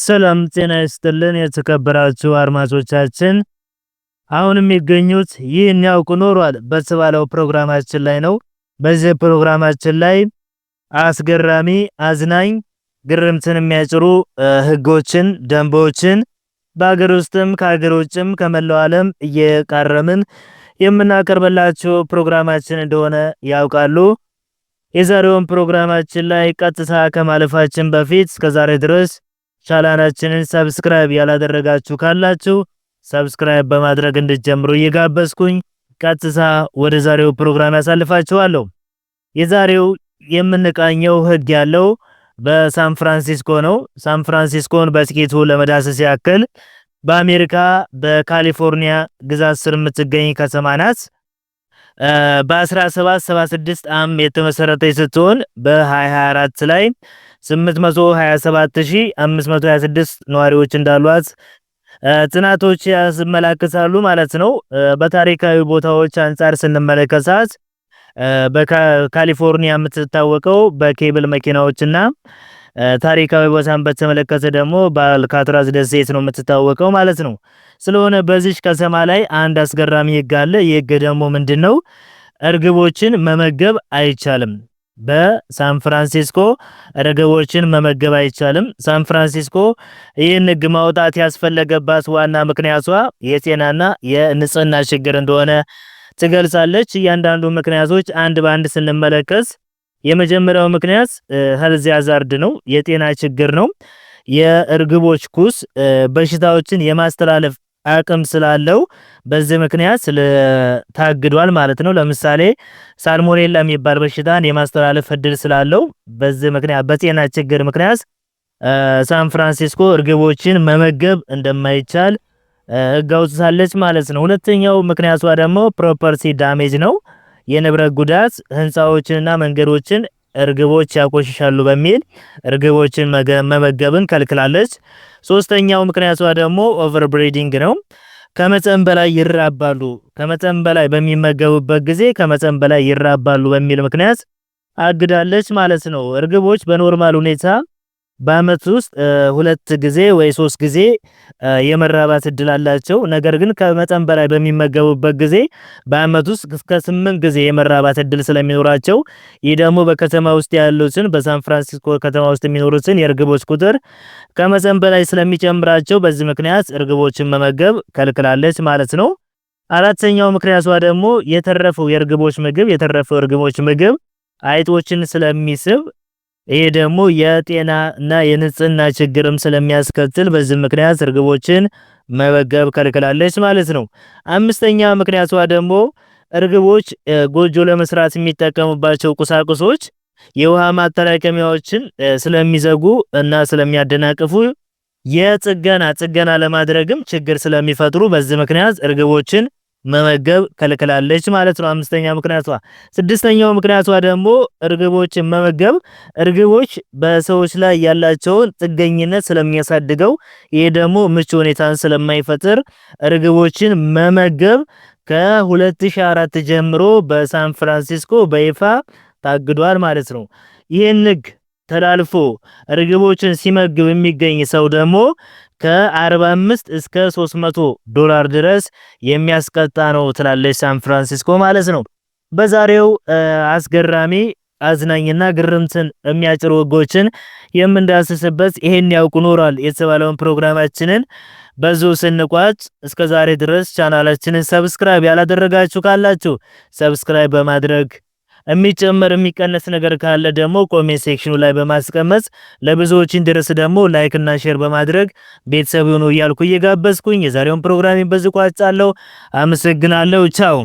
ሰላም ጤና ይስጥልን የተከበራችሁ አድማጮቻችን፣ አሁን የሚገኙት ይህን ያውቁ ኖሯል በተባለው ፕሮግራማችን ላይ ነው። በዚህ ፕሮግራማችን ላይ አስገራሚ፣ አዝናኝ፣ ግርምትን የሚያጭሩ ህጎችን፣ ደንቦችን በሀገር ውስጥም ከሀገር ውጭም ከመላው ዓለም እየቃረምን የምናቀርብላችሁ ፕሮግራማችን እንደሆነ ያውቃሉ። የዛሬውን ፕሮግራማችን ላይ ቀጥታ ከማለፋችን በፊት እስከዛሬ ድረስ ቻናላችንን ሰብስክራይብ ያላደረጋችሁ ካላችሁ ሰብስክራይብ በማድረግ እንድትጀምሩ እየጋበዝኩኝ ቀጥታ ወደ ዛሬው ፕሮግራም ያሳልፋችኋለሁ። የዛሬው የምንቃኘው ህግ ያለው በሳን ፍራንሲስኮ ነው። ሳን ፍራንሲስኮን በጥቂቱ ለመዳሰስ ያክል በአሜሪካ በካሊፎርኒያ ግዛት ስር የምትገኝ ከተማ ናት። በ1776 ዓ.ም የተመሰረተች ስትሆን በ2024 ላይ 827526 ነዋሪዎች እንዳሏት ጥናቶች ያስመላክታሉ ማለት ነው። በታሪካዊ ቦታዎች አንጻር ስንመለከታት በካሊፎርኒያ የምትታወቀው በኬብል መኪናዎችና ታሪካዊ ቦታን በተመለከተ ደግሞ በአልካትራዝ ደሴት ነው የምትታወቀው ማለት ነው። ስለሆነ በዚች ከተማ ላይ አንድ አስገራሚ ህግ አለ። ይህ ህግ ደግሞ ምንድን ነው? እርግቦችን መመገብ አይቻልም። በሳን ፍራንሲስኮ ርግቦችን መመገብ አይቻልም። ሳን ፍራንሲስኮ ይህን ሕግ ማውጣት ያስፈለገባት ዋና ምክንያቷ የጤናና የንጽህና ችግር እንደሆነ ትገልጻለች። እያንዳንዱ ምክንያቶች አንድ በአንድ ስንመለከት የመጀመሪያው ምክንያት ሄልዝ ሃዛርድ ነው፣ የጤና ችግር ነው። የእርግቦች ኩስ በሽታዎችን የማስተላለፍ አቅም ስላለው በዚህ ምክንያት ታግዷል ማለት ነው። ለምሳሌ ሳልሞኔላ የሚባል በሽታን የማስተላለፍ እድል ስላለው በዚህ ምክንያት በጤና ችግር ምክንያት ሳን ፍራንሲስኮ እርግቦችን መመገብ እንደማይቻል ሕግ አውጥታለች ማለት ነው። ሁለተኛው ምክንያቷ ደግሞ ፕሮፐርቲ ዳሜጅ ነው፣ የንብረት ጉዳት ህንፃዎችንና መንገዶችን እርግቦች ያቆሽሻሉ በሚል እርግቦችን መመገብን ከልክላለች። ሶስተኛው ምክንያቷ ደግሞ ኦቨር ብሬዲንግ ነው። ከመጠን በላይ ይራባሉ፣ ከመጠን በላይ በሚመገቡበት ጊዜ ከመጠን በላይ ይራባሉ በሚል ምክንያት አግዳለች ማለት ነው። እርግቦች በኖርማል ሁኔታ በአመት ውስጥ ሁለት ጊዜ ወይ ሶስት ጊዜ የመራባት እድል አላቸው። ነገር ግን ከመጠን በላይ በሚመገቡበት ጊዜ በአመት ውስጥ እስከ ስምንት ጊዜ የመራባት እድል ስለሚኖራቸው ይህ ደግሞ በከተማ ውስጥ ያሉትን በሳን ፍራንሲስኮ ከተማ ውስጥ የሚኖሩትን የእርግቦች ቁጥር ከመጠን በላይ ስለሚጨምራቸው በዚህ ምክንያት እርግቦችን መመገብ ከልክላለች ማለት ነው። አራተኛው ምክንያቷ ደግሞ የተረፈው የእርግቦች ምግብ የተረፈው እርግቦች ምግብ አይጦችን ስለሚስብ ይህ ደግሞ የጤና እና የንጽህና ችግርም ስለሚያስከትል በዚህ ምክንያት እርግቦችን መመገብ ከልክላለች ማለት ነው። አምስተኛ ምክንያቷ ደግሞ እርግቦች ጎጆ ለመስራት የሚጠቀሙባቸው ቁሳቁሶች የውሃ ማጠራቀሚያዎችን ስለሚዘጉ እና ስለሚያደናቅፉ የጥገና ጥገና ለማድረግም ችግር ስለሚፈጥሩ በዚህ ምክንያት እርግቦችን መመገብ ከልክላለች ማለት ነው። አምስተኛ ምክንያቷ። ስድስተኛው ምክንያቷ ደግሞ እርግቦችን መመገብ እርግቦች በሰዎች ላይ ያላቸውን ጥገኝነት ስለሚያሳድገው፣ ይህ ደግሞ ምቹ ሁኔታን ስለማይፈጥር እርግቦችን መመገብ ከ2004 ጀምሮ በሳን ፍራንሲስኮ በይፋ ታግዷል ማለት ነው። ይህን ህግ ተላልፎ ርግቦችን ሲመግብ የሚገኝ ሰው ደግሞ ከ45 እስከ 300 ዶላር ድረስ የሚያስቀጣ ነው ትላለች ሳን ፍራንሲስኮ ማለት ነው። በዛሬው አስገራሚ አዝናኝና ግርምትን የሚያጭሩ ወጎችን የምንዳስስበት ይሄን ያውቁ ኖራል የተባለውን ፕሮግራማችንን በዙ ስንቋጭ፣ እስከ ዛሬ ድረስ ቻናላችንን ሰብስክራይብ ያላደረጋችሁ ካላችሁ ሰብስክራይብ በማድረግ የሚጨመር የሚቀነስ ነገር ካለ ደግሞ ኮሜንት ሴክሽኑ ላይ በማስቀመጥ ለብዙዎች እንዲደርስ ደግሞ ላይክ እና ሼር በማድረግ ቤተሰብ ይሁኑ እያልኩ እየጋበዝኩኝ የዛሬውን ፕሮግራም በዚህ ቋጫለሁ። አመሰግናለሁ። ቻው